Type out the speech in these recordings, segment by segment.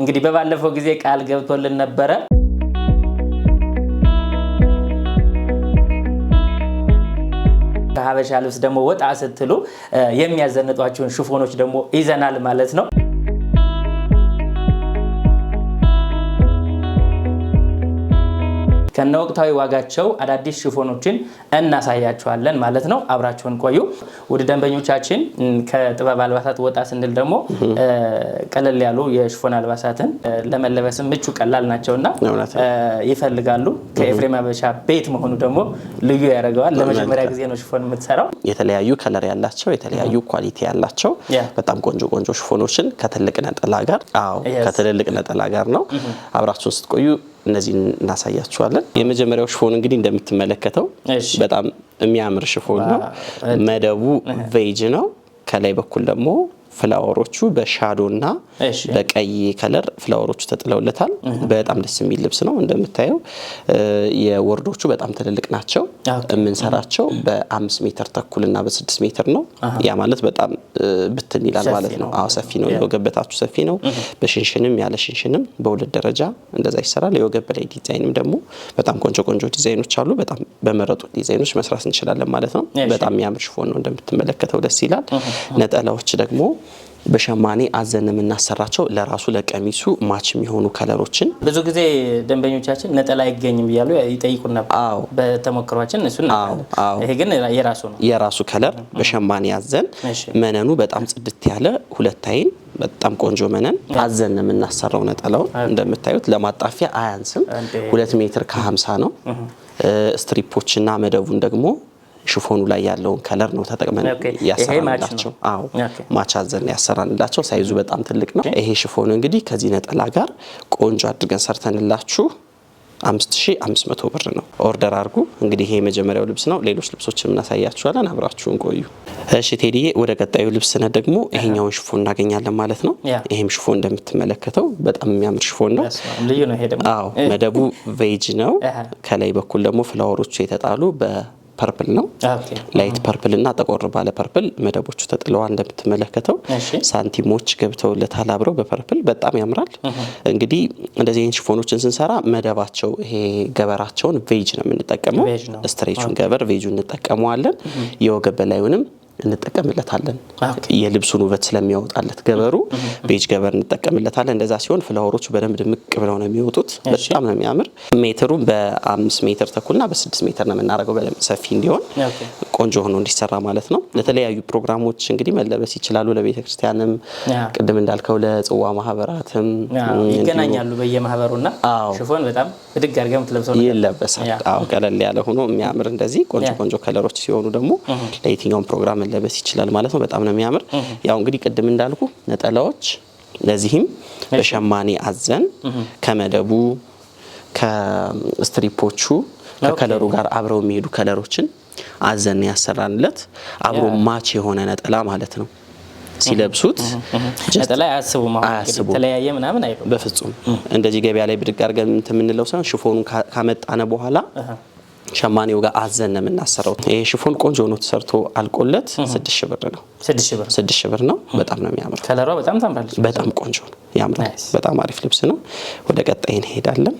እንግዲህ በባለፈው ጊዜ ቃል ገብቶልን ነበረ። ከሀበሻ ልብስ ደግሞ ወጣ ስትሉ የሚያዘንጧቸውን ሽፎኖች ደግሞ ይዘናል ማለት ነው። ከነ ወቅታዊ ዋጋቸው አዳዲስ ሽፎኖችን እናሳያቸዋለን ማለት ነው። አብራችሁን ቆዩ ውድ ደንበኞቻችን። ከጥበብ አልባሳት ወጣ ስንል ደግሞ ቀለል ያሉ የሽፎን አልባሳትን ለመለበስ ምቹ ቀላል ናቸው እና ይፈልጋሉ። ከኤፍሬም አበሻ ቤት መሆኑ ደግሞ ልዩ ያደርገዋል። ለመጀመሪያ ጊዜ ነው ሽፎን የምትሰራው። የተለያዩ ከለር ያላቸው የተለያዩ ኳሊቲ ያላቸው በጣም ቆንጆ ቆንጆ ሽፎኖችን ከትልቅ ነጠላ ጋር ከትልልቅ ነጠላ ጋር ነው። አብራችሁን ስትቆዩ እነዚህን እናሳያችኋለን። የመጀመሪያው ሽፎን እንግዲህ እንደምትመለከተው በጣም የሚያምር ሽፎን ነው። መደቡ ቬጅ ነው። ከላይ በኩል ደግሞ ፍላወሮቹ በሻዶ እና በቀይ ከለር ፍላወሮቹ ተጥለውለታል። በጣም ደስ የሚል ልብስ ነው። እንደምታየው የወርዶቹ በጣም ትልልቅ ናቸው። የምንሰራቸው በአምስት ሜትር ተኩል እና በስድስት ሜትር ነው። ያ ማለት በጣም ብትን ይላል ማለት ነው። አዎ ሰፊ ነው። የወገበታችሁ ሰፊ ነው። በሽንሽንም ያለ ሽንሽንም በሁለት ደረጃ እንደዛ ይሰራል። የወገብ በላይ ዲዛይንም ደግሞ በጣም ቆንጆ ቆንጆ ዲዛይኖች አሉ። በጣም በመረጡ ዲዛይኖች መስራት እንችላለን ማለት ነው። በጣም የሚያምር ሽፎን ነው እንደምትመለከተው፣ ደስ ይላል። ነጠላዎች ደግሞ በሸማኔ አዘን የምናሰራቸው ለራሱ ለቀሚሱ ማች የሚሆኑ ከለሮችን ብዙ ጊዜ ደንበኞቻችን ነጠላ አይገኝም እያሉ ይጠይቁን ነበር። በተሞክሯችን እሱ ይሄ ግን የራሱ ነው። የራሱ ከለር በሸማኔ አዘን መነኑ በጣም ጽድት ያለ ሁለት አይን በጣም ቆንጆ መነን አዘን የምናሰራው ነጠላው እንደምታዩት ለማጣፊያ አያንስም። ሁለት ሜትር ከሀምሳ ነው። ስትሪፖችና መደቡን ደግሞ ሽፎኑ ላይ ያለውን ከለር ነው ተጠቅመን ያሰራንላቸው። አዎ ማች አዘን ያሰራንላቸው። ሳይዙ በጣም ትልቅ ነው። ይሄ ሽፎን እንግዲህ ከዚህ ነጠላ ጋር ቆንጆ አድርገን ሰርተንላችሁ 5500 ብር ነው። ኦርደር አድርጉ። እንግዲህ ይሄ የመጀመሪያው ልብስ ነው። ሌሎች ልብሶችን እናሳያችኋለን። አብራችሁን ቆዩ። እሺ ቴዲዬ፣ ወደ ቀጣዩ ልብስ ስነ ደግሞ ይሄኛውን ሽፎን እናገኛለን ማለት ነው። ይሄም ሽፎን እንደምትመለከተው በጣም የሚያምር ሽፎን ነው። አዎ መደቡ ቬጅ ነው። ከላይ በኩል ደግሞ ፍላወሮቹ የተጣሉ በ ፐርፕል ነው። ላይት ፐርፕል እና ጠቆር ባለ ፐርፕል መደቦቹ ተጥለዋል። እንደምትመለከተው ሳንቲሞች ገብተውለታል አብረው በፐርፕል በጣም ያምራል። እንግዲህ እንደዚህ አይነት ሽፎኖችን ስንሰራ መደባቸው ይሄ ገበራቸውን ቬጅ ነው የምንጠቀመው። ስትሬቹን ገበር ቬጁ እንጠቀመዋለን። የወገብ በላዩንም እንጠቀምለታለን። የልብሱን ውበት ስለሚያወጣለት ገበሩ ቤጅ ገበር እንጠቀምለታለን። እንደዛ ሲሆን ፍለወሮቹ በደንብ ድምቅ ብለው ነው የሚወጡት። በጣም ነው የሚያምር። ሜትሩ በአምስት ሜትር ተኩልና በስድስት ሜትር ነው የምናደርገው። በደንብ ሰፊ እንዲሆን ቆንጆ ሆኖ እንዲሰራ ማለት ነው። ለተለያዩ ፕሮግራሞች እንግዲህ መለበስ ይችላሉ። ለቤተ ክርስቲያንም ቅድም እንዳልከው ለጽዋ ማህበራትም ይገናኛሉ። በየማህበሩና ሽፎን በጣም ብድግ አድርገህ የምትለብሰው ይለበሳል። ቀለል ያለ ሆኖ የሚያምር እንደዚህ ቆንጆ ቆንጆ ከለሮች ሲሆኑ ደግሞ ለየትኛውም ፕሮግራም መለበስ ይችላል ማለት ነው። በጣም ነው የሚያምር። ያው እንግዲህ ቅድም እንዳልኩ ነጠላዎች ለዚህም በሸማኔ አዘን ከመደቡ ከስትሪፖቹ ከከለሩ ጋር አብረው የሚሄዱ ከለሮችን አዘን ያሰራንለት አብሮ ማች የሆነ ነጠላ ማለት ነው። ሲለብሱት ነጠላ አያስቡም ተለያየ ምናምን አይሉም በፍጹም። እንደዚህ ገበያ ላይ ብድግ አድርገን የምንለው ሳይሆን ሽፎኑን ካመጣነ በኋላ ሸማኔው ጋር አዘን ነው የምናሰረው። ይሄ ሽፎን ቆንጆ ሆኖ ተሰርቶ አልቆለት ስድስት ሺህ ብር ነው። ስድስት ሺህ ብር ነው። በጣም ነው የሚያምረው። በጣም ቆንጆ ነው፣ ያምራል። በጣም አሪፍ ልብስ ነው። ወደ ቀጣይ እንሄዳለን።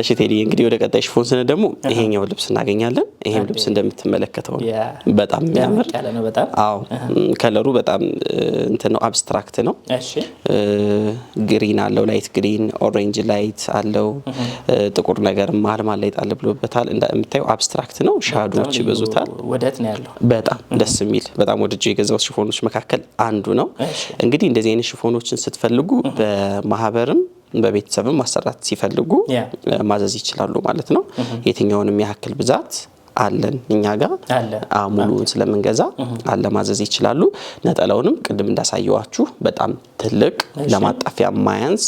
እሺ ቴዲ እንግዲህ ወደ ቀጣይ ሽፎን ስነ ደግሞ ይሄኛው ልብስ እናገኛለን። ይሄም ልብስ እንደምትመለከተው በጣም የሚያምር አዎ፣ ከለሩ በጣም እንትን ነው፣ አብስትራክት ነው። ግሪን አለው፣ ላይት ግሪን፣ ኦሬንጅ ላይት አለው፣ ጥቁር ነገር ማልማ ላይ ጣል ብሎበታል። እንደምታየው አብስትራክት ነው፣ ሻዶዎች ይበዙታል። በጣም ደስ የሚል በጣም ወድጄ የገዛሁት ሽፎኖች መካከል አንዱ ነው። እንግዲህ እንደዚህ አይነት ሽፎኖችን ስትፈልጉ በማህበርም በቤተሰብም ማሰራት ሲፈልጉ ማዘዝ ይችላሉ ማለት ነው። የትኛውንም ያክል ብዛት አለን እኛ ጋር ሙሉውን ስለምንገዛ አለ ማዘዝ ይችላሉ። ነጠላውንም ቅድም እንዳሳየዋችሁ በጣም ትልቅ ለማጣፊያ ማያንስ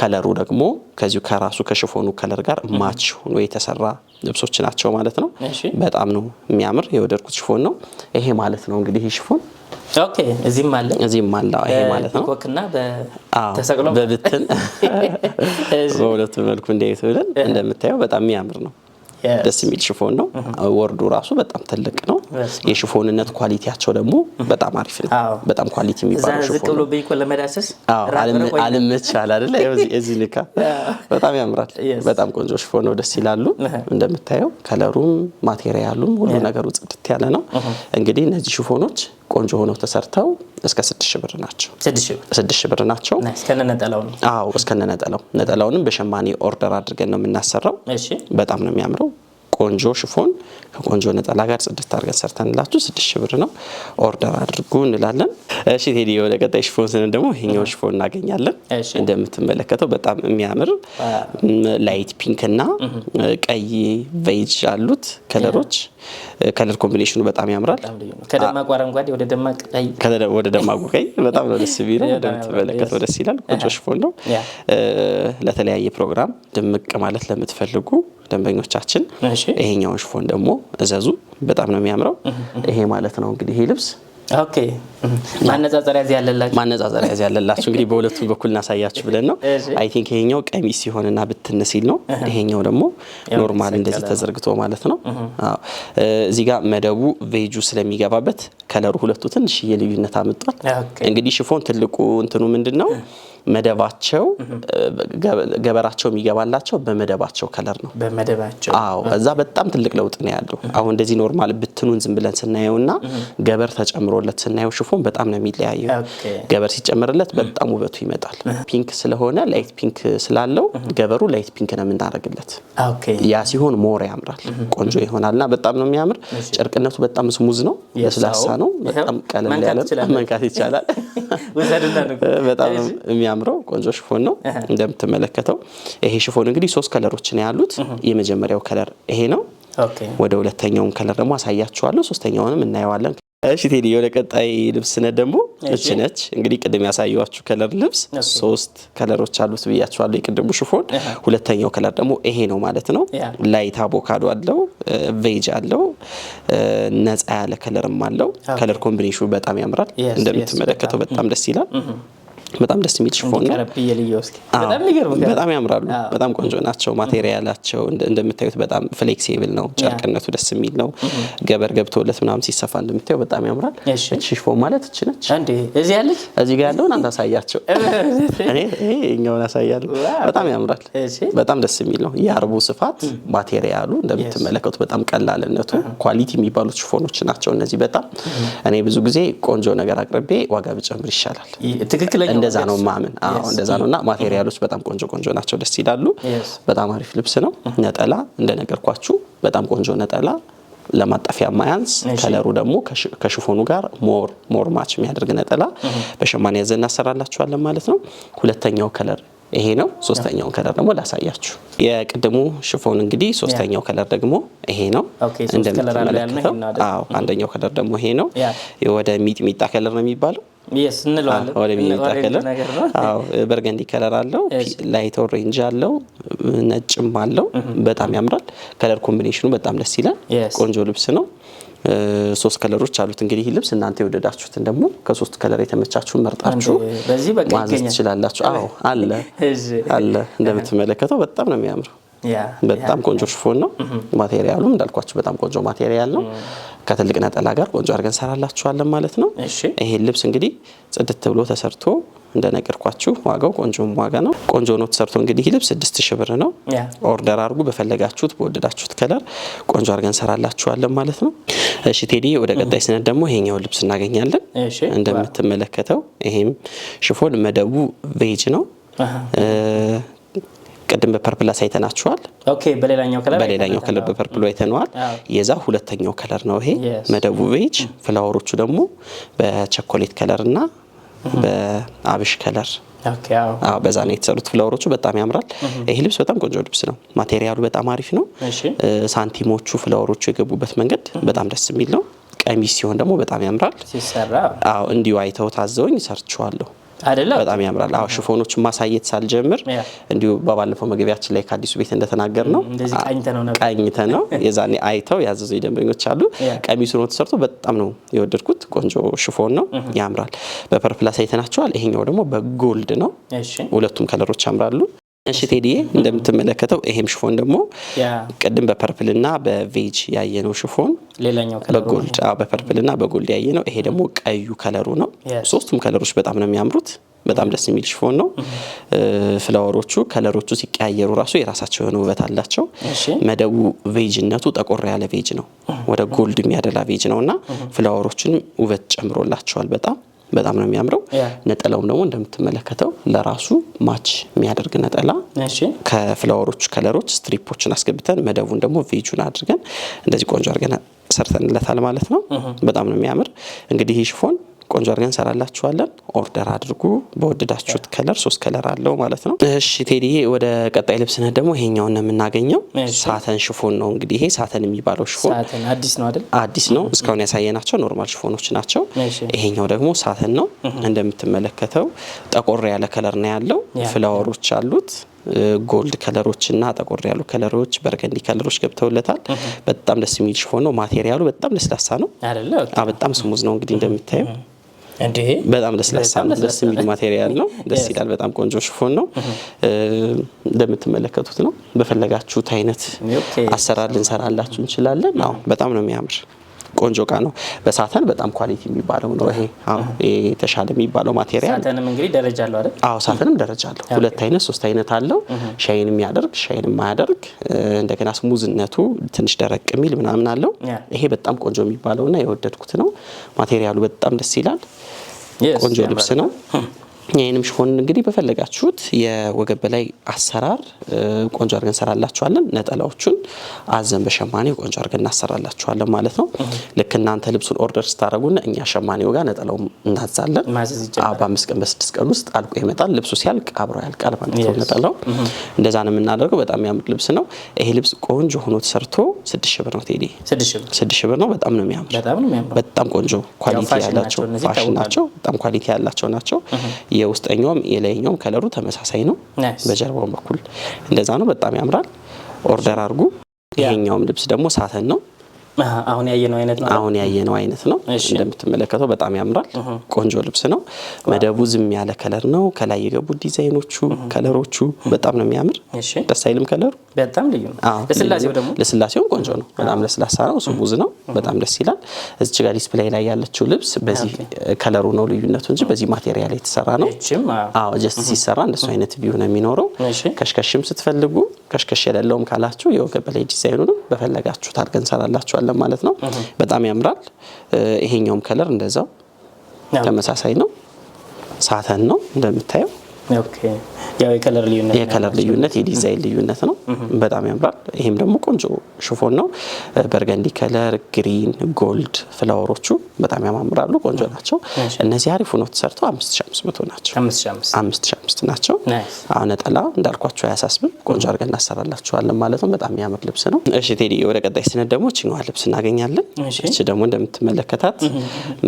ከለሩ ደግሞ ከዚሁ ከራሱ ከሽፎኑ ከለር ጋር ማች ሆኖ የተሰራ ልብሶች ናቸው ማለት ነው። በጣም ነው የሚያምር የወደድኩት ሽፎን ነው ይሄ ማለት ነው እንግዲህ ይህ ሽፎን ኦኬ እዚህም አለ እዚህም አለ። ይሄ ማለት ነው ኮክና ተሰቅሎ በብትን በሁለቱ መልኩ እንዴት ብለን እንደምታየው በጣም የሚያምር ነው። ደስ የሚል ሽፎን ነው። ወርዱ ራሱ በጣም ትልቅ ነው። የሽፎንነት ኳሊቲያቸው ደግሞ በጣም አሪፍ ነው። በጣም ኳሊቲ የሚባለው ሽፎን አልመች አለ አይደለ? እዚህ ልካ በጣም ያምራል። በጣም ቆንጆ ሽፎን ነው። ደስ ይላሉ። እንደምታየው ከለሩም ማቴሪያሉም ሁሉ ነገሩ ጽድት ያለ ነው። እንግዲህ እነዚህ ሽፎኖች ቆንጆ ሆነው ተሰርተው እስከ ስድስት ብር ናቸው። ስድስት ሺህ ብር ናቸው እስከነነጠላው። ነጠላውንም በሸማኔ ኦርደር አድርገን ነው የምናሰራው። በጣም ነው የሚያምረው። ቆንጆ ሽፎን ከቆንጆ ነጠላ ጋር ጽድስት አድርገን ሰርተንላችሁ ስድስት ሽብር ብር ነው። ኦርደር አድርጉ እንላለን። እሺ ቴዲ፣ ወደ ቀጣይ ሽፎን ስን ደግሞ ይሄኛው ሽፎን እናገኛለን። እንደምትመለከተው በጣም የሚያምር ላይት ፒንክ እና ቀይ ቬጅ አሉት ከለሮች። ከለር ኮምቢኔሽኑ በጣም ያምራል። ከደማቁ አረንጓዴ ወደ ደማቁ ቀይ በጣም ነው ደስ የሚለው። እንደምትመለከተው ደስ ይላል። ቆንጆ ሽፎን ነው። ለተለያየ ፕሮግራም ድምቅ ማለት ለምትፈልጉ ደንበኞቻችን ይሄኛውን ሽፎን ደግሞ እዘዙ። በጣም ነው የሚያምረው። ይሄ ማለት ነው እንግዲህ ይሄ ልብስ ማነጻጸሪያ እዚህ ያለላችሁ እንግዲህ በሁለቱም በኩል እናሳያችሁ ብለን ነው። አይ ቲንክ ይሄኛው ቀሚስ ሲሆንና ብትን ሲል ነው። ይሄኛው ደግሞ ኖርማል እንደዚህ ተዘርግቶ ማለት ነው። እዚህ ጋር መደቡ ቬጁ ስለሚገባበት ከለሩ ሁለቱ ትንሽዬ ልዩነት አምጧል። እንግዲህ ሽፎን ትልቁ እንትኑ ምንድን ነው መደባቸው ገበራቸው የሚገባላቸው በመደባቸው ከለር ነው። በመደባቸው አዎ፣ እዛ በጣም ትልቅ ለውጥ ነው ያለው። አሁን እንደዚህ ኖርማል ብትኑን ዝም ብለን ስናየው እና ገበር ተጨምሮለት ስናየው ሽፎን በጣም ነው የሚለያየው። ገበር ሲጨምርለት በጣም ውበቱ ይመጣል። ፒንክ ስለሆነ ላይት ፒንክ ስላለው ገበሩ ላይት ፒንክ ነው የምናደርግለት። ያ ሲሆን ሞር ያምራል፣ ቆንጆ ይሆናል እና በጣም ነው የሚያምር። ጨርቅነቱ በጣም ስሙዝ ነው፣ ለስላሳ ነው፣ በጣም ቀለል ያለ መንካት ይቻላል። በጣም የሚያምረው ቆንጆ ሽፎን ነው እንደምትመለከተው። ይሄ ሽፎን እንግዲህ ሶስት ከለሮች ነው ያሉት። የመጀመሪያው ከለር ይሄ ነው። ወደ ሁለተኛውን ከለር ደግሞ አሳያችኋለሁ። ሶስተኛውንም እናየዋለን። እሺ ቴዲ፣ ወደ ቀጣይ ነ ደግሞ እች ነች እንግዲህ ቅድም ያሳየኋችሁ ከለር ልብስ ሶስት ከለሮች አሉት ብያችኋለሁ። የቅድሙ ሽፎን ሁለተኛው ከለር ደግሞ ይሄ ነው ማለት ነው። ላይት አቮካዶ አለው፣ ቬጅ አለው፣ ነፃ ያለ ከለርም አለው። ከለር ኮምቢኔሽኑ በጣም ያምራል። እንደምትመለከተው በጣም ደስ ይላል። በጣም ደስ የሚል ሽፎን ነው። በጣም ያምራሉ። በጣም ቆንጆ ናቸው። ማቴሪያላቸው እንደምታዩት በጣም ፍሌክሲብል ነው። ጨርቅነቱ ደስ የሚል ነው። ገበር ገብቶለት ምናምን ሲሰፋ እንደምታዩ በጣም ያምራል። ሽፎን ማለት እች ነች። እዚህ ያለች እዚህ ጋር ያለውን አንተ አሳያቸው፣ እኛውን አሳያሉ። በጣም ያምራል። በጣም ደስ የሚል ነው። የአርቡ ስፋት ማቴሪያሉ እንደምትመለከቱ በጣም ቀላልነቱ ኳሊቲ የሚባሉት ሽፎኖች ናቸው እነዚህ። በጣም እኔ ብዙ ጊዜ ቆንጆ ነገር አቅርቤ ዋጋ ብጨምር ይሻላል። ትክክለኛ እንደዛ ነው ማምን። አዎ እንደዛ ነው። እና mm-hmm. ማቴሪያሎች በጣም ቆንጆ ቆንጆ ናቸው፣ ደስ ይላሉ። በጣም አሪፍ ልብስ ነው። mm-hmm. ነጠላ እንደነገርኳችሁ በጣም ቆንጆ ነጠላ ለማጣፊያ ማያንስ ከለሩ ደግሞ ከሽፎኑ ጋር ሞር ሞር ማች የሚያደርግ ነጠላ mm-hmm. በሸማኔ ያዘ እናሰራላችኋለን ማለት ነው። ሁለተኛው ከለር ይሄ ነው። ሶስተኛውን ከለር ደግሞ ላሳያችሁ። የቅድሙ ሽፎን እንግዲህ ሶስተኛው ከለር ደግሞ ይሄ ነው እንደምትመለከተው። አዎ አንደኛው ከለር ደግሞ ይሄ ነው። ወደ ሚጥሚጣ ከለር ነው የሚባለው ወደ ሚኒጣ በርገንዲ ከለር አለው፣ ላይት ኦሬንጅ አለው፣ ነጭም አለው። በጣም ያምራል። ከለር ኮምቢኔሽኑ በጣም ደስ ይላል። ቆንጆ ልብስ ነው። ሶስት ከለሮች አሉት። እንግዲህ ይህ ልብስ እናንተ የወደዳችሁትን ደግሞ ከሶስት ከለር የተመቻችሁን መርጣችሁ ማዘዝ ትችላላችሁ። አዎ አለ አለ። እንደምትመለከተው በጣም ነው የሚያምረው። በጣም ቆንጆ ሽፎን ነው። ማቴሪያሉም እንዳልኳችሁ በጣም ቆንጆ ማቴሪያል ነው። ከትልቅ ነጠላ ጋር ቆንጆ አድርገን ሰራላችኋለን ማለት ነው። ይሄ ልብስ እንግዲህ ጽድት ብሎ ተሰርቶ እንደነገርኳችሁ ዋጋው ቆንጆም ዋጋ ነው። ቆንጆ ነው ተሰርቶ እንግዲህ ልብስ ስድስት ሺህ ብር ነው። ኦርደር አድርጉ በፈለጋችሁት በወደዳችሁት ከለር ቆንጆ አድርገን ሰራላችኋለን ማለት ነው። እሺ ቴዲ፣ ወደ ቀጣይ ስነት ደግሞ ይሄኛውን ልብስ እናገኛለን። እንደምትመለከተው ይሄም ሽፎን መደቡ ቬጅ ነው። ቅድም በፐርፕል አሳይተናችኋል። በሌላኛው ከለር በፐርፕሉ አይተነዋል። የዛ ሁለተኛው ከለር ነው ይሄ መደቡ ቤጅ። ፍላወሮቹ ደግሞ በቸኮሌት ከለር እና በአብሽ ከለር በዛ ነው የተሰሩት። ፍላወሮቹ በጣም ያምራል። ይሄ ልብስ በጣም ቆንጆ ልብስ ነው። ማቴሪያሉ በጣም አሪፍ ነው። ሳንቲሞቹ ፍላወሮቹ የገቡበት መንገድ በጣም ደስ የሚል ነው። ቀሚስ ሲሆን ደግሞ በጣም ያምራል። እንዲሁ አይተው ታዘውኝ ሰርችዋለሁ። አይደለም በጣም ያምራል። አዎ ሽፎኖችን ማሳየት ሳልጀምር እንዲሁ በባለፈው መግቢያችን ላይ ከአዲሱ ቤት እንደተናገር ነው ቀኝተ ነው የዛኔ አይተው ያዘዙ ደንበኞች አሉ። ቀሚሱ ነው ተሰርቶ በጣም ነው የወደድኩት። ቆንጆ ሽፎን ነው ያምራል። በፐርፕላስ አይተናቸዋል። ይሄኛው ደግሞ በጎልድ ነው። ሁለቱም ከለሮች ያምራሉ። እሺ ቴዲዬ እንደምትመለከተው ይሄም ሽፎን ደግሞ ቅድም በፐርፕል እና በቬጅ ያየነው ሽፎን ሌላኛው በጎልድ በፐርፕል እና በጎልድ ያየነው ይሄ ደግሞ ቀዩ ከለሩ ነው። ሶስቱም ከለሮች በጣም ነው የሚያምሩት። በጣም ደስ የሚል ሽፎን ነው። ፍላወሮቹ ከለሮቹ ሲቀያየሩ ራሱ የራሳቸው የሆነ ውበት አላቸው። መደቡ ቬጅነቱ ጠቆር ያለ ቬጅ ነው፣ ወደ ጎልድ የሚያደላ ቬጅ ነው እና ፍላወሮችንም ውበት ጨምሮላቸዋል በጣም በጣም ነው የሚያምረው። ነጠላውም ደግሞ እንደምትመለከተው ለራሱ ማች የሚያደርግ ነጠላ ከፍላወሮች ከለሮች ስትሪፖችን አስገብተን መደቡን ደግሞ ቪጁን አድርገን እንደዚህ ቆንጆ አድርገን ሰርተንለታል ማለት ነው። በጣም ነው የሚያምር እንግዲህ ይህ ሽፎን ቆንጆ አድርገን እንሰራላችኋለን። ኦርደር አድርጉ በወደዳችሁት ከለር፣ ሶስት ከለር አለው ማለት ነው። እሺ ቴዲ፣ ወደ ቀጣይ ልብስነት ደግሞ ይሄኛውን ነው የምናገኘው። ሳተን ሽፎን ነው እንግዲህ ይሄ ሳተን የሚባለው ሽፎን አዲስ ነው አይደል? አዲስ ነው። እስካሁን ያሳየናቸው ኖርማል ሽፎኖች ናቸው። ይሄኛው ደግሞ ሳተን ነው። እንደምትመለከተው ጠቆር ያለ ከለር ነው ያለው። ፍላወሮች አሉት ጎልድ ከለሮች እና ጠቆር ያሉ ከለሮች በርገንዲ ከለሮች ገብተውለታል። በጣም ደስ የሚል ሽፎን ነው። ማቴሪያሉ በጣም ለስላሳ ነው። በጣም ስሙዝ ነው እንግዲህ እንደምታየው በጣም ለስላሳ ነው። ደስ የሚል ማቴሪያል ነው። ደስ ይላል። በጣም ቆንጆ ሽፎን ነው። እንደምትመለከቱት ነው። በፈለጋችሁት አይነት አሰራር ልንሰራላችሁ እንችላለን። አዎ በጣም ነው የሚያምር። ቆንጆ እቃ ነው። በሳተን በጣም ኳሊቲ የሚባለው ነው። ይሄ የተሻለ የሚባለው ማቴሪያል ሳተንም እንግዲህ ደረጃ አለው አይደል? አዎ ሳተንም ደረጃ አለው። ሁለት አይነት ሶስት አይነት አለው። ሻይን የሚያደርግ ሻይን የማያደርግ እንደገና ስሙዝነቱ ትንሽ ደረቅ የሚል ምናምን አለው። ይሄ በጣም ቆንጆ የሚባለውና የወደድኩት ነው። ማቴሪያሉ በጣም ደስ ይላል። ቆንጆ ልብስ ነው። ይህንም ሽፎን እንግዲህ በፈለጋችሁት የወገብ በላይ አሰራር ቆንጆ አድርገን እንሰራላችኋለን። ነጠላዎቹን አዘን በሸማኔ ቆንጆ አድርገን እናሰራላችኋለን ማለት ነው። ልክ እናንተ ልብሱን ኦርደር ስታደረጉና እኛ ሸማኔው ጋር ነጠላው እናዛለን። በአምስት ቀን በስድስት ቀን ውስጥ አልቆ ይመጣል። ልብሱ ሲያልቅ አብሮ ያልቃል ማለት ነው ነጠላው። እንደዛ ነው የምናደርገው። በጣም የሚያምር ልብስ ነው ይሄ ልብስ። ቆንጆ ሆኖ ተሰርቶ ስድስት ሺህ ብር ነው ቴዲ፣ ስድስት ሺህ ብር ነው። በጣም ነው የሚያምር። በጣም ቆንጆ ኳሊቲ ያላቸው ፋሽን ናቸው። በጣም ኳሊቲ ያላቸው ናቸው። የውስጠኛውም የላይኛውም ከለሩ ተመሳሳይ ነው። በጀርባውን በኩል እንደዛ ነው። በጣም ያምራል። ኦርደር አድርጉ። ይሄኛውም ልብስ ደግሞ ሳተን ነው። አሁን ያየነው አይነት ነው። አሁን ያየነው አይነት ነው። እንደምትመለከተው በጣም ያምራል። ቆንጆ ልብስ ነው። መደቡ ዝም ያለ ከለር ነው። ከላይ የገቡት ዲዛይኖቹ፣ ከለሮቹ በጣም ነው የሚያምር። ደስ አይልም? ከለሩ በጣም ልዩ ነው። ለስላሴውም ቆንጆ ነው። በጣም ለስላሳ ነው። ስሙዝ ነው። በጣም ደስ ይላል። እዚች ጋር ዲስፕሌይ ላይ ያለችው ልብስ በዚህ ከለሩ ነው ልዩነቱ እንጂ በዚህ ማቴሪያል የተሰራ ነው። አዎ ጀስት ሲሰራ እንደሱ አይነት ቪው ነው የሚኖረው። ከሽከሽም ስትፈልጉ ከሽከሽ የሌለውም ካላችሁ የወገብ ላይ ዲዛይኑንም በፈለጋችሁት አድርገን እንሰራላችኋል። እንለብሳለን ማለት ነው። በጣም ያምራል። ይሄኛውም ከለር እንደዛው ተመሳሳይ ነው። ሳተን ነው እንደምታየው የከለር ልዩነት የዲዛይን ልዩነት ነው። በጣም ያምራል። ይሄም ደግሞ ቆንጆ ሽፎን ነው። በርገንዲ ከለር፣ ግሪን፣ ጎልድ ፍላወሮቹ በጣም ያማምራሉ። ቆንጆ ናቸው። እነዚህ አሪፍ ሆኖ ተሰርተው አምስት ሺ አምስት መቶ ናቸው። አምስት ሺ አምስት ናቸው። አሁን ነጠላ እንዳልኳቸው አያሳስብም። ቆንጆ አድርገን እናሰራላችኋለን ማለት ነው። በጣም የሚያምር ልብስ ነው። እሺ ቴዲ፣ ወደ ቀጣይ ስነት ደግሞ ችኛዋ ልብስ እናገኛለን። እች ደግሞ እንደምትመለከታት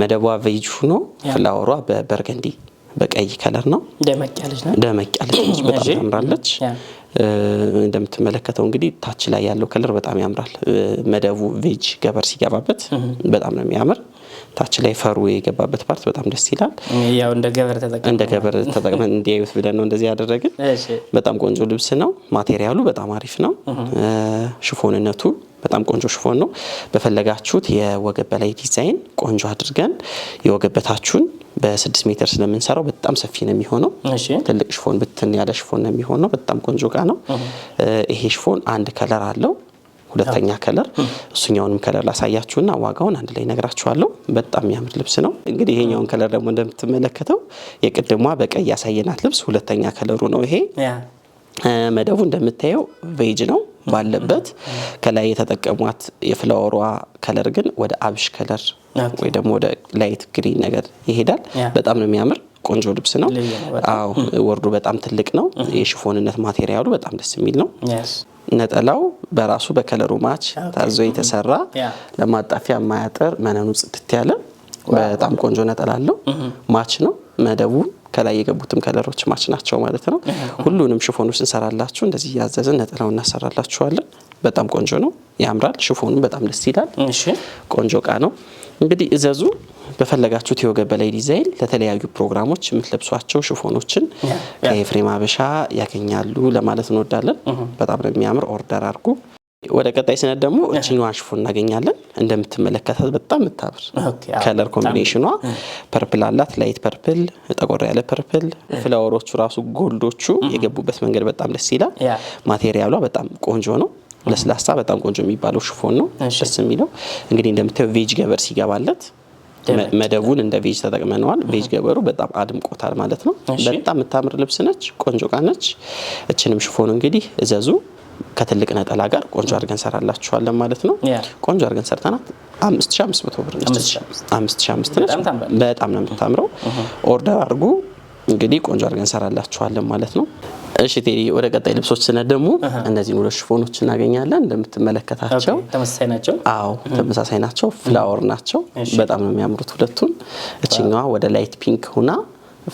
መደቧ ቬጅ ሁኖ ፍላወሯ በበርገንዲ በቀይ ከለር ነው። ደመቅ ያለች ነው። ደመቅ ያለች በጣም ታምራለች። እንደምትመለከተው እንግዲህ ታች ላይ ያለው ከለር በጣም ያምራል። መደቡ ቬጅ ገበር ሲገባበት በጣም ነው የሚያምር። ታች ላይ ፈሩ የገባበት ፓርት በጣም ደስ ይላል። ያው እንደ ገበር ተጠቅመን እንደ ገበር ተጠቅመን እንዲያዩት ብለን ነው እንደዚህ ያደረግን። በጣም ቆንጆ ልብስ ነው። ማቴሪያሉ በጣም አሪፍ ነው። ሽፎንነቱ በጣም ቆንጆ ሽፎን ነው። በፈለጋችሁት የወገብ በላይ ዲዛይን ቆንጆ አድርገን የወገበታችሁን በስድስት ሜትር ስለምንሰራው በጣም ሰፊ ነው የሚሆነው። ትልቅ ሽፎን ብትን ያለ ሽፎን ነው የሚሆነው። በጣም ቆንጆ እቃ ነው። ይሄ ሽፎን አንድ ከለር አለው ሁለተኛ ከለር እሱኛውንም ከለር ላሳያችሁና ዋጋውን አንድ ላይ ነግራችኋለሁ። በጣም የሚያምር ልብስ ነው። እንግዲህ ይሄኛውን ከለር ደግሞ እንደምትመለከተው የቅድሟ በቀይ ያሳየናት ልብስ ሁለተኛ ከለሩ ነው። ይሄ መደቡ እንደምታየው ቬጅ ነው። ባለበት ከላይ የተጠቀሟት የፍላወሯ ከለር ግን ወደ አብሽ ከለር ወይ ደግሞ ወደ ላይት ግሪን ነገር ይሄዳል። በጣም ነው የሚያምር። ቆንጆ ልብስ ነው። አዎ ወርዱ በጣም ትልቅ ነው። የሽፎንነት ማቴሪያሉ በጣም ደስ የሚል ነው። ነጠላው በራሱ በከለሩ ማች ታዞ የተሰራ ለማጣፊያ የማያጠር መነኑ ጽድት ያለ በጣም ቆንጆ ነጠላ አለው። ማች ነው መደቡ ከላይ የገቡትም ከለሮች ማች ናቸው ማለት ነው። ሁሉንም ሽፎኖች እንሰራላችሁ እንደዚህ እያዘዝን ነጥለው እናሰራላችኋለን። በጣም ቆንጆ ነው፣ ያምራል። ሽፎኑም በጣም ደስ ይላል። ቆንጆ እቃ ነው። እንግዲህ እዘዙ በፈለጋችሁት የወገብ በላይ ዲዛይን ለተለያዩ ፕሮግራሞች የምትለብሷቸው ሽፎኖችን ከኤፍሬም ሀበሻ ያገኛሉ ለማለት እንወዳለን። በጣም ነው የሚያምር። ኦርደር አድርጉ። ወደ ቀጣይ ስነት ደግሞ እችኛዋን ሽፎን እናገኛለን። እንደምትመለከታት በጣም የምታምር ከለር ኮምቢኔሽኗ ፐርፕል አላት፣ ላይት ፐርፕል፣ ጠቆር ያለ ፐርፕል። ፍላወሮቹ ራሱ ጎልዶቹ የገቡበት መንገድ በጣም ደስ ይላል። ማቴሪያሏ በጣም ቆንጆ ነው። ለስላሳ በጣም ቆንጆ የሚባለው ሽፎን ነው። ደስ የሚለው እንግዲህ እንደምታየው ቬጅ ገበር ሲገባለት መደቡን እንደ ቬጅ ተጠቅመነዋል። ቬጅ ገበሩ በጣም አድምቆታል ማለት ነው። በጣም የምታምር ልብስ ነች። ቆንጆ ቃ ነች። እችንም ሽፎን እንግዲህ እዘዙ። ከትልቅ ነጠላ ጋር ቆንጆ አድርገን ሰራላችኋለን ማለት ነው። ቆንጆ አድርገን ሰርተናት አምስት ሺህ አምስት መቶ ብር አምስት ሺህ አምስት ነች። በጣም ነው የምታምረው። ኦርደር አድርጉ እንግዲህ ቆንጆ አድርገን ሰራላችኋለን ማለት ነው። እሺ ቴዲ፣ ወደ ቀጣይ ልብሶች ስነ ደግሞ እነዚህን ሁለት ሽፎኖች እናገኛለን። እንደምትመለከታቸው ተመሳሳይ ናቸው። አዎ ተመሳሳይ ናቸው። ፍላወር ናቸው። በጣም ነው የሚያምሩት ሁለቱን። እችኛዋ ወደ ላይት ፒንክ ሁና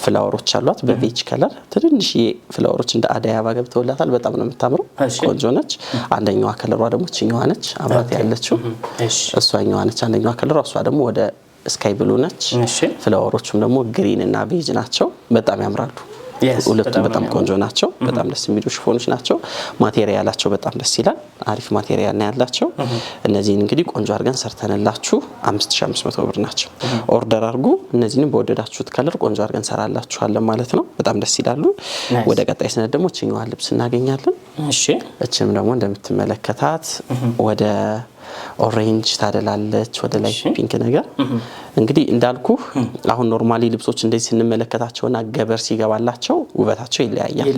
ፍላወሮች አሏት በቤች ከለር ትንንሽ ፍላወሮች እንደ አደይ አበባ ገብተውላታል። በጣም ነው የምታምረው፣ ቆንጆ ነች። አንደኛዋ ከለሯ ደግሞ ችኛዋ ነች፣ አብራት ያለችው እሷኛዋ ነች። አንደኛዋ ከለሯ እሷ ደግሞ ወደ ስካይ ብሉ ነች። ፍላወሮቹም ደግሞ ግሪን እና ቤጅ ናቸው። በጣም ያምራሉ። ሁለቱም በጣም ቆንጆ ናቸው። በጣም ደስ የሚሉ ሽፎኖች ናቸው። ማቴሪያላቸው በጣም ደስ ይላል። አሪፍ ማቴሪያል ነው ያላቸው። እነዚህን እንግዲህ ቆንጆ አድርገን ሰርተንላችሁ 5500 ብር ናቸው። ኦርደር አድርጉ። እነዚህንም በወደዳችሁት ከለር ቆንጆ አድርገን ሰራላችኋለን ማለት ነው። በጣም ደስ ይላሉ። ወደ ቀጣይ ስነት ደግሞ እችኛዋን ልብስ እናገኛለን። እችም ደግሞ እንደምትመለከታት ወደ ኦሬንጅ ታደላለች፣ ወደ ላይ ፒንክ ነገር እንግዲህ እንዳልኩህ አሁን ኖርማሊ ልብሶች እንደዚህ ስንመለከታቸውና ገበር ሲገባላቸው ውበታቸው ይለያያል።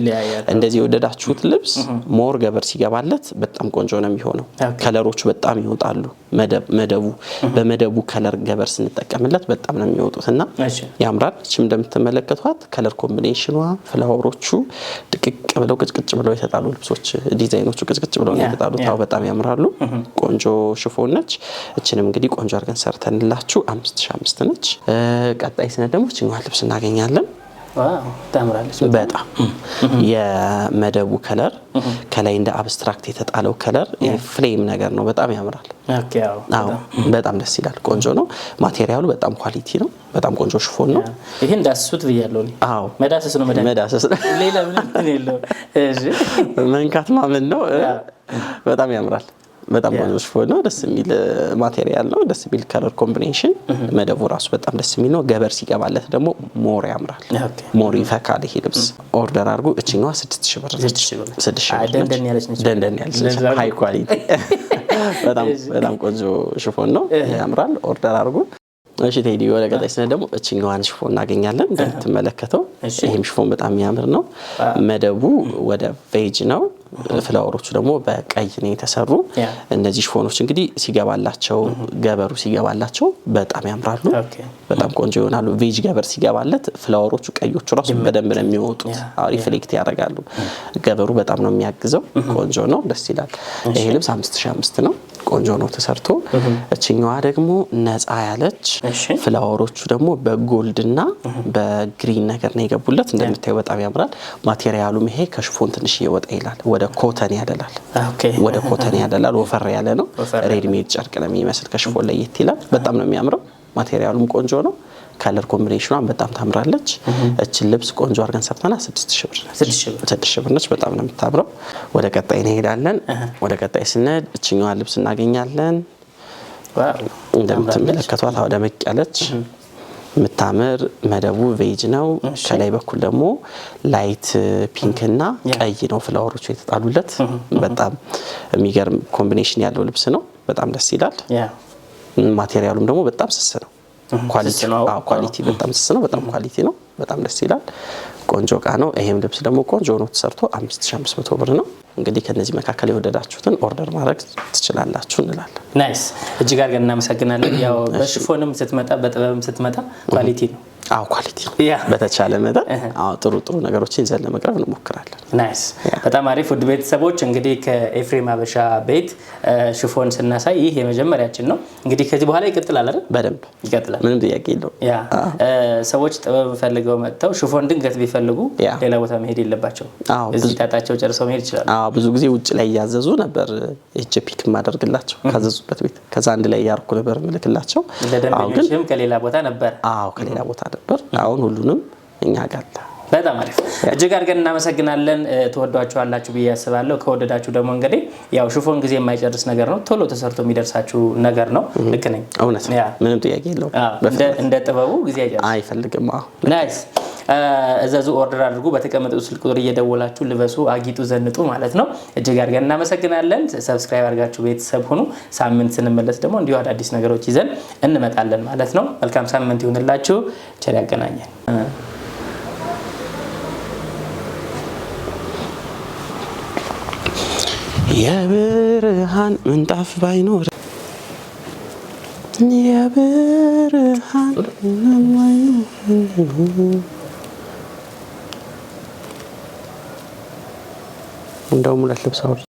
እንደዚህ የወደዳችሁት ልብስ ሞር ገበር ሲገባለት በጣም ቆንጆ ነው የሚሆነው። ከለሮቹ በጣም ይወጣሉ። መደቡ በመደቡ ከለር ገበር ስንጠቀምለት በጣም ነው የሚወጡት እና ያምራል። እችም እንደምትመለከቷት ከለር ኮምቢኔሽኗ ፍላወሮቹ ድቅቅ ብለው ቅጭቅጭ ብለው የተጣሉ ልብሶች ዲዛይኖቹ ቅጭቅጭ ብለው ነው የተጣሉት። አዎ በጣም ያምራሉ። ቆንጆ ሽፎን ነች። እችንም እንግዲህ ቆንጆ አድርገን ሰርተንላችሁ አምስት 12005 ነች። ቀጣይ ስነት ደግሞ ችኛዋን ልብስ እናገኛለን። በጣም የመደቡ ከለር ከላይ እንደ አብስትራክት የተጣለው ከለር ፍሌም ነገር ነው። በጣም ያምራል። በጣም ደስ ይላል። ቆንጆ ነው። ማቴሪያሉ በጣም ኳሊቲ ነው። በጣም ቆንጆ ሽፎን ነው። ይህን ዳስሱት ብያለሁ። መዳሰስ ነው መዳሰስ ነው። ሌላ ምንም መንካት ማመን ነው። በጣም ያምራል። በጣም ቆንጆ ሽፎን ነው። ደስ የሚል ማቴሪያል ነው። ደስ የሚል ከለር ኮምቢኔሽን፣ mm-hmm. መደቡ ራሱ በጣም ደስ የሚል ነው። ገበር ሲገባለት ደግሞ ሞር ያምራል፣ ሞር ይፈካል። ይሄ ልብስ ኦርደር አድርጎ እችኛዋ ስድስት ሺህ ብር ደንደን ያለች ሃይ ኳሊቲ፣ በጣም ቆንጆ ሽፎን ነው። ያምራል። ኦርደር አድርጎ እሺ ቴዲ፣ ወደ ቀጣይ ስነ ደግሞ እችኛዋን ሽፎን እናገኛለን። እንደምትመለከተው ይህም ሽፎን በጣም የሚያምር ነው። መደቡ ወደ ቬጅ ነው። ፍላወሮቹ ደግሞ በቀይ ነው የተሰሩ። እነዚህ ሽፎኖች እንግዲህ ሲገባላቸው ገበሩ ሲገባላቸው በጣም ያምራሉ፣ በጣም ቆንጆ ይሆናሉ። ቬጅ ገበር ሲገባለት ፍላወሮቹ ቀዮቹ ራሱ በደንብ ነው የሚወጡት፣ ሪፍሌክት ያደርጋሉ። ገበሩ በጣም ነው የሚያግዘው። ቆንጆ ነው፣ ደስ ይላል። ይሄ ልብስ አምስት ሺ አምስት ነው። ቆንጆ ነው ተሰርቶ። እችኛዋ ደግሞ ነፃ ያለች ፍላወሮቹ ደግሞ በጎልድ በጎልድና በግሪን ነገር ነው የገቡለት። እንደምታዩ በጣም ያምራል ማቴሪያሉም። ይሄ ከሽፎን ትንሽ እየወጣ ይላል፣ ወደ ኮተን ያደላል፣ ወደ ኮተን ያደላል። ወፈር ያለ ነው። ሬድሜድ ጨርቅ ነው የሚመስል፣ ከሽፎን ለየት ይላል። በጣም ነው የሚያምረው። ማቴሪያሉም ቆንጆ ነው። ከለር ኮምቢኔሽኗን በጣም ታምራለች። እችን ልብስ ቆንጆ አድርገን ሰርተና ስድስት ሺህ ብር ነች። ስድስት ብር ነች። በጣም ነው የምታምረው። ወደ ቀጣይ እንሄዳለን። ወደ ቀጣይ ስንሄድ እችኛዋን ልብስ እናገኛለን። እንደምትመለከቷት ወደ መቅ ያለች የምታምር መደቡ ቬጅ ነው። ከላይ በኩል ደግሞ ላይት ፒንክ እና ቀይ ነው ፍላወሮቹ የተጣሉለት። በጣም የሚገርም ኮምቢኔሽን ያለው ልብስ ነው። በጣም ደስ ይላል። ማቴሪያሉም ደግሞ በጣም ስስ ነው። ኳሊቲ በጣም ስስ ነው። በጣም ኳሊቲ ነው። በጣም ደስ ይላል። ቆንጆ እቃ ነው። ይሄም ልብስ ደግሞ ቆንጆ ሆኖ ተሰርቶ 5500 ብር ነው። እንግዲህ ከነዚህ መካከል የወደዳችሁትን ኦርደር ማድረግ ትችላላችሁ እንላለን። ናይስ። እጅግ አድርገን እናመሰግናለን። ያው በሽፎንም ስትመጣ በጥበብም ስትመጣ ኳሊቲ ነው። አዎ ኳሊቲ በተቻለ መጠን uh-huh. አዎ ጥሩ ጥሩ ነገሮችን ይዘን ለመቅረብ እንሞክራለን። ናይስ በጣም አሪፍ። ውድ ቤተሰቦች እንግዲህ ከኤፍሬም አበሻ ቤት uh, ሽፎን ስናሳይ ይህ የመጀመሪያችን ነው። እንግዲህ ከዚህ በኋላ ይቀጥላል አይደል? በደንብ ይቀጥላል፣ ምንም ጥያቄ የለውም። ያ ሰዎች ጥበብ ፈልገው መጥተው ሽፎን ድንገት ቢፈልጉ ሌላ ቦታ መሄድ የለባቸው፣ እዚህ ጣጣቸው ጨርሰው መሄድ ይችላሉ። አዎ ብዙ ጊዜ ውጭ ላይ እያዘዙ ነበር እጅ ፒክ ማደርግላቸው ካዘዙበት ቤት፣ ከዛ አንድ ላይ እያርኩ ነበር ምልክላቸው። ለደንበኞችም ከሌላ ቦታ ነበር። አዎ ከሌላ ቦታ ነበር። አሁን ሁሉንም እኛ ጋር በጣም አሪፍ እጅግ አድርገን እናመሰግናለን። ትወዷችኋላችሁ ብዬ ያስባለሁ። ከወደዳችሁ ደግሞ እንግዲህ ያው ሽፎን ጊዜ የማይጨርስ ነገር ነው፣ ቶሎ ተሰርቶ የሚደርሳችሁ ነገር ነው። ልክ ነኝ። እውነት ምንም ጥያቄ የለውም። እንደ ጥበቡ ጊዜ አይፈልግም። ናይስ እዘዙ፣ ኦርደር አድርጉ፣ በተቀመጠ ስልክ ቁጥር እየደወላችሁ ልበሱ፣ አጊጡ፣ ዘንጡ ማለት ነው። እጅግ አድርገን እናመሰግናለን። ሰብስክራይብ አድርጋችሁ ቤተሰብ ሁኑ። ሳምንት ስንመለስ ደግሞ እንዲሁ አዳዲስ ነገሮች ይዘን እንመጣለን ማለት ነው። መልካም ሳምንት ይሁንላችሁ። ቸር ያገናኘን። የብርሃን ምንጣፍ ባይኖር የብርሃን እንደውም ሁለት ልብስ አውርድ